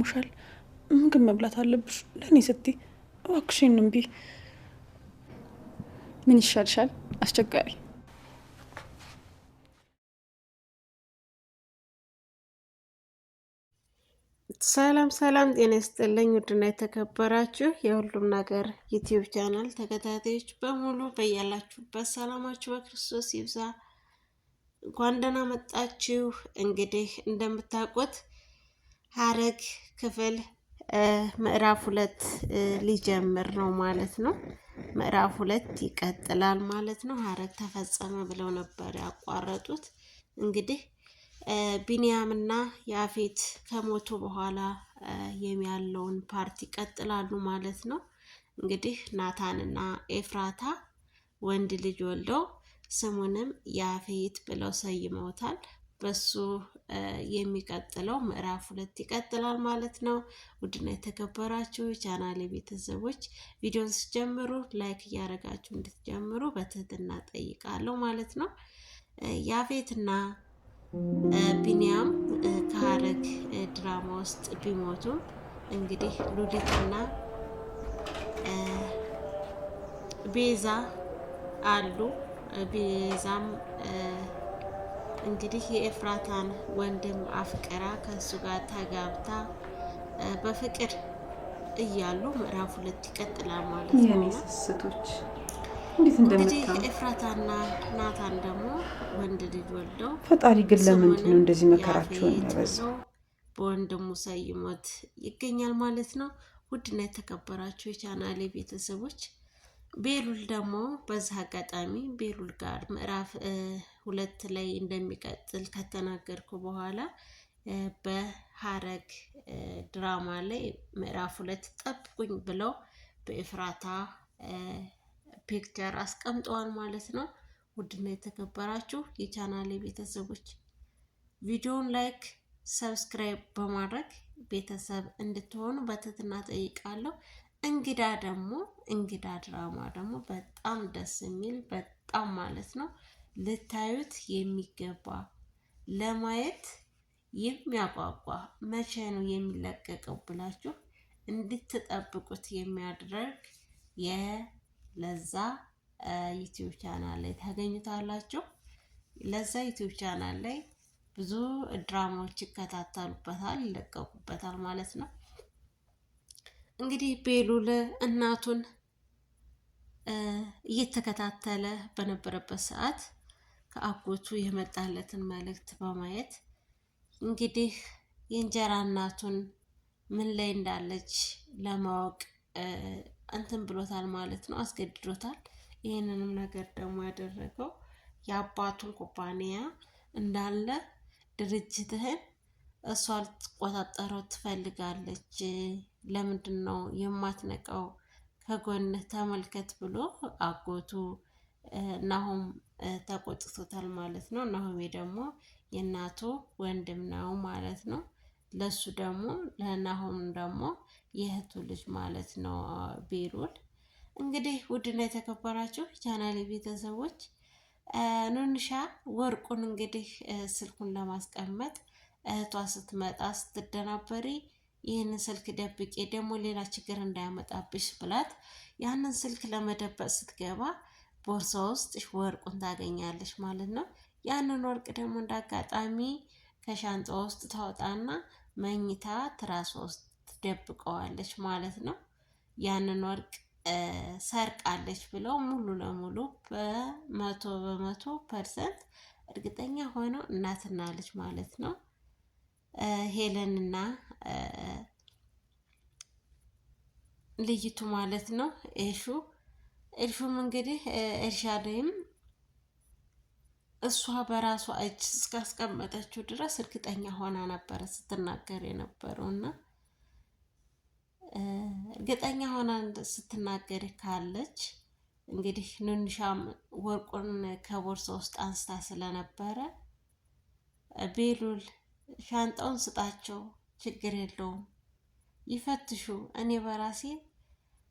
ደክሞሻል፣ ምግብ መብላት አለብሽ፣ ለእኔ ስቲ እባክሽን እምቢ። ምን ይሻልሻል? አስቸጋሪ ሰላም ሰላም፣ ጤና ይስጥልኝ ውድና የተከበራችሁ የሁሉም ነገር ዩቲዩብ ቻናል ተከታታዮች በሙሉ በያላችሁበት ሰላማችሁ በክርስቶስ ይብዛ። እንኳን ደህና መጣችሁ። እንግዲህ እንደምታውቁት ሐረግ ክፍል ምዕራፍ ሁለት ሊጀምር ነው ማለት ነው። ምዕራፍ ሁለት ይቀጥላል ማለት ነው። ሐረግ ተፈጸመ ብለው ነበር ያቋረጡት። እንግዲህ ቢንያምና ያፌት ከሞቱ በኋላ የሚያለውን ፓርቲ ይቀጥላሉ ማለት ነው። እንግዲህ ናታንና ኤፍራታ ወንድ ልጅ ወልደው ስሙንም ያፌት ብለው ሰይመውታል። በሱ የሚቀጥለው ምዕራፍ ሁለት ይቀጥላል ማለት ነው። ውድና የተከበራችሁ ቻናሌ ቤተሰቦች ቪዲዮን ስጀምሩ ላይክ እያደረጋችሁ እንድትጀምሩ በትህትና ጠይቃለሁ ማለት ነው። ያፌትና ቢንያም ከሀረግ ድራማ ውስጥ ቢሞቱም እንግዲህ ሉሊትና ቤዛ አሉ። ቤዛም እንግዲህ የኤፍራታን ወንድም አፍቀራ ከእሱ ጋር ተጋብታ በፍቅር እያሉ ምዕራፍ ሁለት ይቀጥላል ማለት ነው። ስስቶች እንግዲህ ኤፍራታና ናታን ደግሞ ወንድ ልጅ ወልደው ፈጣሪ ግን ለምንድን ነው እንደዚህ መከራቸውን ያበዛው? በወንድሙ ሳይሞት ይገኛል ማለት ነው። ውድና የተከበራችሁ የቻናሌ ቤተሰቦች ቤሉል ደግሞ በዚህ አጋጣሚ ቤሉል ጋር ምዕራፍ ሁለት ላይ እንደሚቀጥል ከተናገርኩ በኋላ በሀረግ ድራማ ላይ ምዕራፍ ሁለት ጠብቁኝ ብለው በኤፍራታ ፒክቸር አስቀምጠዋል ማለት ነው። ውድና የተከበራችሁ የቻናሌ ቤተሰቦች ቪዲዮውን ላይክ፣ ሰብስክራይብ በማድረግ ቤተሰብ እንድትሆኑ በትህትና ጠይቃለሁ። እንግዳ ደግሞ እንግዳ ድራማ ደግሞ በጣም ደስ የሚል በጣም ማለት ነው ልታዩት የሚገባ ለማየት የሚያጓጓ መቼ ነው የሚለቀቀው ብላችሁ እንድትጠብቁት የሚያደርግ የለዛ ዩቲዩብ ቻናል ላይ ታገኙታላችሁ። ለዛ ዩቲዩብ ቻናል ላይ ብዙ ድራማዎች ይከታተሉበታል፣ ይለቀቁበታል ማለት ነው። እንግዲህ ቤሉል እናቱን እየተከታተለ በነበረበት ሰዓት ከአጎቱ የመጣለትን መልእክት በማየት እንግዲህ የእንጀራ እናቱን ምን ላይ እንዳለች ለማወቅ እንትን ብሎታል ማለት ነው፣ አስገድዶታል። ይህንንም ነገር ደግሞ ያደረገው የአባቱን ኩባንያ እንዳለ ድርጅትህን እሷ ልትቆጣጠረው ትፈልጋለች ለምንድን ነው የማትነቃው? ከጎንህ ተመልከት ብሎ አጎቱ ናሆም ተቆጥቶታል ማለት ነው። ናሆሜ ደግሞ የእናቱ ወንድም ነው ማለት ነው። ለሱ ደግሞ ለናሆም ደግሞ የእህቱ ልጅ ማለት ነው ቤሩል። እንግዲህ ውድና የተከበራችሁ ቻናሌ ቤተሰቦች ኑንሻ ወርቁን እንግዲህ ስልኩን ለማስቀመጥ እህቷ ስትመጣ ስትደናበሪ ይህንን ስልክ ደብቄ ደግሞ ሌላ ችግር እንዳያመጣብሽ ብላት ያንን ስልክ ለመደበቅ ስትገባ ቦርሳ ውስጥ ወርቁን ታገኛለች ማለት ነው። ያንን ወርቅ ደግሞ እንዳጋጣሚ ከሻንጣ ውስጥ ታወጣና መኝታ ትራስ ውስጥ ትደብቀዋለች ማለት ነው። ያንን ወርቅ ሰርቃለች ብለው ሙሉ ለሙሉ በመቶ በመቶ ፐርሰንት እርግጠኛ ሆነው እናትና ልጅ ማለት ነው ሄለንና ልይቱ ማለት ነው። ኤሹ ኤልሹም እንግዲህ ኤልሻዳይም እሷ በራሷ እጅ እስካስቀመጠችው ድረስ እርግጠኛ ሆና ነበረ ስትናገር የነበረው እና እርግጠኛ ሆና ስትናገር ካለች እንግዲህ ንንሻም ወርቁን ከቦርሳ ውስጥ አንስታ ስለነበረ ቤሉል ሻንጣውን ስጣቸው፣ ችግር የለውም ይፈትሹ፣ እኔ በራሴ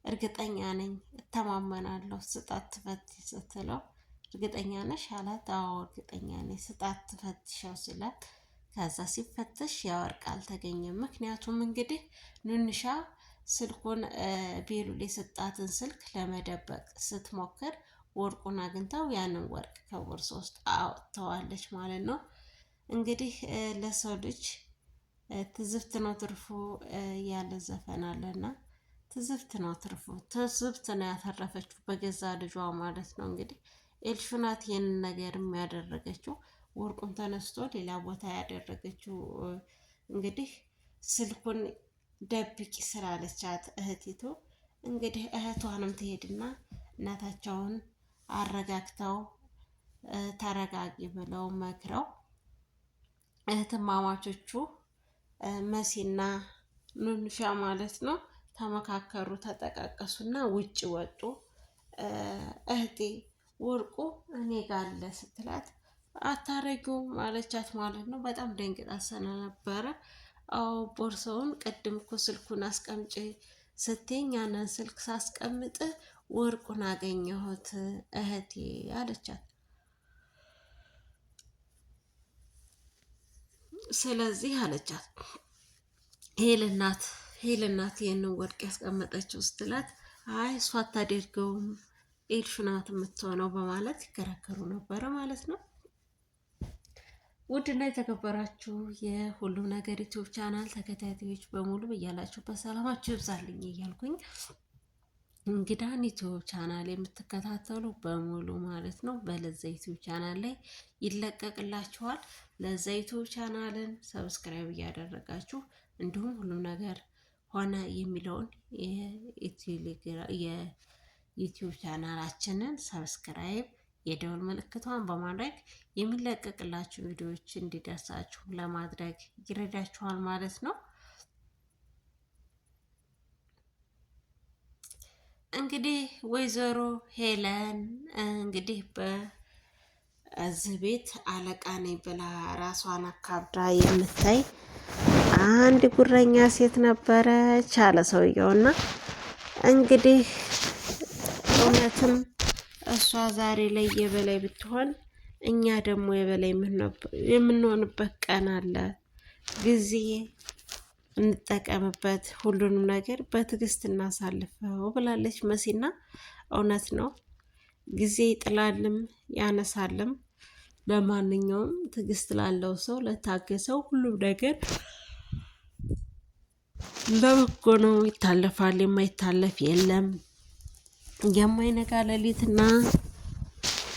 እርግጠኛ ነኝ እተማመናለሁ ስጣት ትፈትሽ ስትለው እርግጠኛ ነሽ አላት። አዎ እርግጠኛ ነኝ ስጣት ትፈትሸው ስላት ከዛ ሲፈተሽ ያወርቅ አልተገኘም። ምክንያቱም እንግዲህ ኑንሻ ስልኩን ቤሉል የሰጣትን ስልክ ለመደበቅ ስትሞክር ወርቁን አግኝተው ያንን ወርቅ ከቦርሳ ውስጥ አውጥተዋለች ማለት ነው። እንግዲህ ለሰው ልጅ ትዝብት ነው ትርፉ ያለ ዘፈን አለና ትዝብት ነው ትርፉ። ትዝብት ነው ያተረፈችው በገዛ ልጇ ማለት ነው። እንግዲህ ኤልሹ ናት ይህንን ነገርም ያደረገችው፣ ወርቁን ተነስቶ ሌላ ቦታ ያደረገችው እንግዲህ ስልኩን ደብቂ ስላለቻት እህቲቱ እንግዲህ እህቷንም ትሄድና እናታቸውን አረጋግተው ተረጋጊ ብለው መክረው እህትማማቾቹ መሲና ኑንሻ ማለት ነው ተመካከሩ፣ ተጠቃቀሱና ውጭ ወጡ። እህቴ ወርቁ እኔ ጋር አለ ስትላት አታረጊው ማለቻት ማለት ነው። በጣም ደንግጣ ነበረ። አዎ ቦርሳውን ቅድም እኮ ስልኩን አስቀምጭ ስትይኝ ያንን ስልክ ሳስቀምጥ ወርቁን አገኘሁት እህቴ አለቻት። ስለዚህ አለቻት ይሄ ልናት ሄል እናት ይህንን ወርቅ ያስቀመጠችው ስትላት አይ እሷ አታደርገውም ኤልፍ ናት የምትሆነው በማለት ይከራከሩ ነበረ ማለት ነው። ውድና የተከበራችሁ የሁሉም ነገር ዩቲዩብ ቻናል ተከታታዮች በሙሉ እያላችሁበት በሰላማችሁ ይብዛልኝ እያልኩኝ እንግዳን ዩቲዩብ ቻናል የምትከታተሉ በሙሉ ማለት ነው በለዛ ዩቲዩብ ቻናል ላይ ይለቀቅላችኋል። ለዛ ዩቲዩብ ቻናልን ሰብስክራይብ እያደረጋችሁ እንዲሁም ሁሉም ነገር ሆነ የሚለውን የዩቲዩብ ቻናላችንን ሰብስክራይብ የደውል ምልክቷን በማድረግ የሚለቀቅላችሁ ቪዲዮዎች እንዲደርሳችሁ ለማድረግ ይረዳችኋል ማለት ነው። እንግዲህ ወይዘሮ ሄለን እንግዲህ በዚህ ቤት አለቃ ነኝ ብላ ራሷን አካብዳ የምታይ አንድ ጉረኛ ሴት ነበረች አለ ሰውየውና እንግዲህ እውነትም እሷ ዛሬ ላይ የበላይ ብትሆን እኛ ደግሞ የበላይ የምንሆንበት ቀን አለ። ጊዜ እንጠቀምበት፣ ሁሉንም ነገር በትዕግስት እናሳልፈው ብላለች መሲና። እውነት ነው፣ ጊዜ ይጥላልም ያነሳልም። ለማንኛውም ትዕግስት ላለው ሰው ለታገሰው ሁሉም ነገር በበጎ ነው። ይታለፋል፣ የማይታለፍ የለም። የማይነጋ ሌሊትና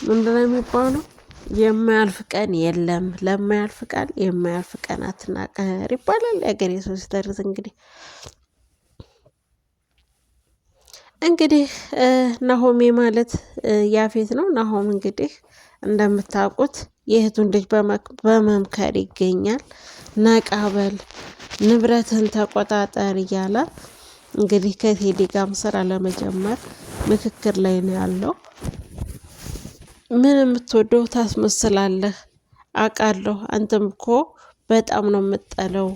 ምን ብለው የሚባለው የማያልፍ ቀን የለም። ለማያልፍ ቃል የማያልፍ ቀን አትናቀር ይባላል የአገሬ ሰው ሲተርት። እንግዲህ እንግዲህ ናሆሜ ማለት ያፌት ነው። ናሆም እንግዲህ እንደምታውቁት የእህቱን ልጅ በመምከር ይገኛል። ነቃበል ንብረትን ተቆጣጠር እያለ እንግዲህ ከቴዲ ጋም ስራ ለመጀመር ምክክር ላይ ነው ያለው። ምን የምትወደው ታስመስላለህ አውቃለሁ፣ አንተም እኮ በጣም ነው የምጠለው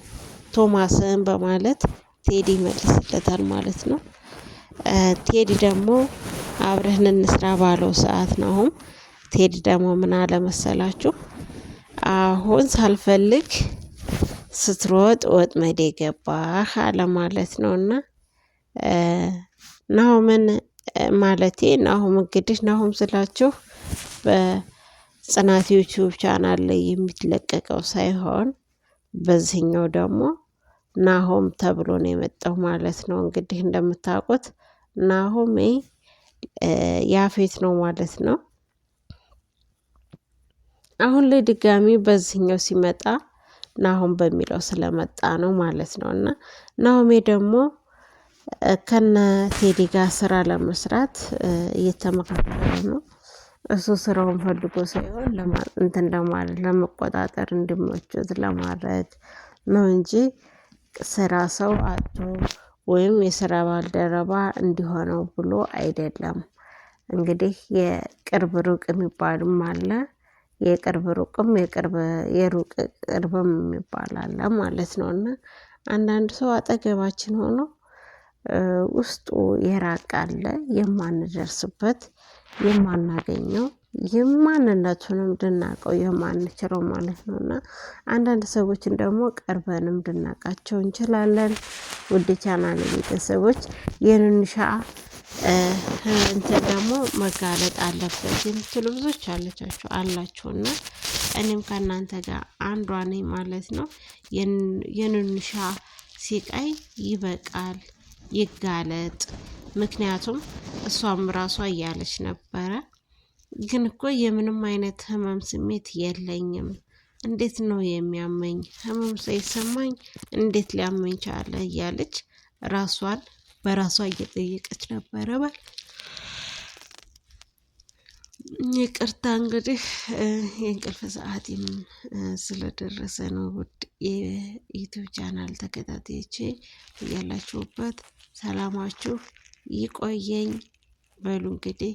ቶማስን በማለት ቴዲ ይመልስለታል ማለት ነው። ቴዲ ደግሞ አብረህን እንስራ ባለው ሰዓት ነው አሁን ቴድ ደግሞ ምን አለመሰላችሁ አሁን ሳልፈልግ ስትሮጥ ወጥመድ የገባህ አለ ማለት ነው። እና ናሁምን ማለቴ ናሁም እንግዲህ ናሁም ስላችሁ በጽናት ዩቲዩብ ቻናል ላይ የሚለቀቀው ሳይሆን በዚህኛው ደግሞ ናሆም ተብሎ ነው የመጣው ማለት ነው። እንግዲህ እንደምታውቁት ናሆሜ ያፌት ነው ማለት ነው። አሁን ላይ ድጋሚ በዚህኛው ሲመጣ ናሆም በሚለው ስለመጣ ነው ማለት ነው። እና ናሆሜ ደግሞ ከነ ቴዲ ጋር ስራ ለመስራት እየተመካከለ ነው። እሱ ስራውን ፈልጎ ሳይሆን እንትን ለማለት ለመቆጣጠር እንዲመቹት ለማድረግ ነው እንጂ ስራ ሰው አቶ ወይም የስራ ባልደረባ እንዲሆነው ብሎ አይደለም። እንግዲህ የቅርብ ሩቅ የሚባልም አለ። የቅርብ ሩቅም የቅርብ የሩቅ ቅርብም ይባላል ማለት ነው። እና አንዳንድ ሰው አጠገባችን ሆኖ ውስጡ የራቀ አለ፣ የማንደርስበት የማናገኘው የማንነቱንም እንድናውቀው የማንችለው ማለት ነው። እና አንዳንድ ሰዎችን ደግሞ ቀርበንም እንድናውቃቸው እንችላለን። ውድ ቻናል ቤተሰቦች የንንሻ እንትን ደግሞ መጋለጥ አለበት የምትሉ ብዙዎች አለቻችሁ እና እኔም ከእናንተ ጋር አንዷ ነኝ ማለት ነው። የንንሻ ሲቃይ ይበቃል፣ ይጋለጥ። ምክንያቱም እሷም ራሷ እያለች ነበረ፣ ግን እኮ የምንም አይነት ህመም ስሜት የለኝም እንዴት ነው የሚያመኝ? ህመም ሳይሰማኝ እንዴት ሊያመኝ ቻለ? እያለች ራሷን በራሷ እየጠየቀች ነበረ ባል ይቅርታ እንግዲህ የእንቅልፍ ሰዓቴም ስለደረሰ ነው። ውድ የዩቱብ ቻናል ተከታታዮቼ እያላችሁበት ሰላማችሁ ይቆየኝ በሉ። እንግዲህ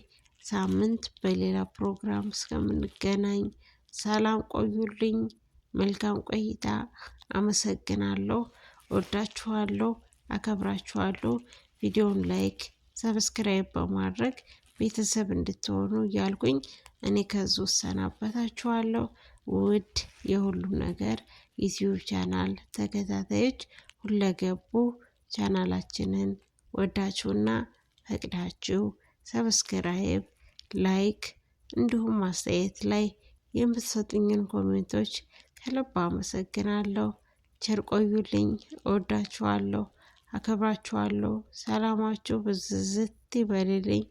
ሳምንት በሌላ ፕሮግራም እስከምንገናኝ ሰላም ቆዩልኝ። መልካም ቆይታ። አመሰግናለሁ። ወዳችኋለሁ። አከብራችኋለሁ። ቪዲዮን ላይክ፣ ሰብስክራይብ በማድረግ ቤተሰብ እንድትሆኑ እያልኩኝ እኔ ከዙ እሰናበታችኋለሁ። ውድ የሁሉም ነገር ዩትዩብ ቻናል ተከታታዮች ሁለገቡ ቻናላችንን ወዳችሁና ፈቅዳችሁ ሰብስክራይብ፣ ላይክ እንዲሁም አስተያየት ላይ የምትሰጡኝን ኮሜንቶች ከልብ አመሰግናለሁ። ቸር ቆዩልኝ። እወዳችኋለሁ። አከብራችኋለሁ። ሰላማችሁ ብዝዝት ይበልልኝ።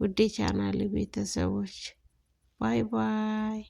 ውዴ ቻናል ቤተሰቦች ባይ ባይ።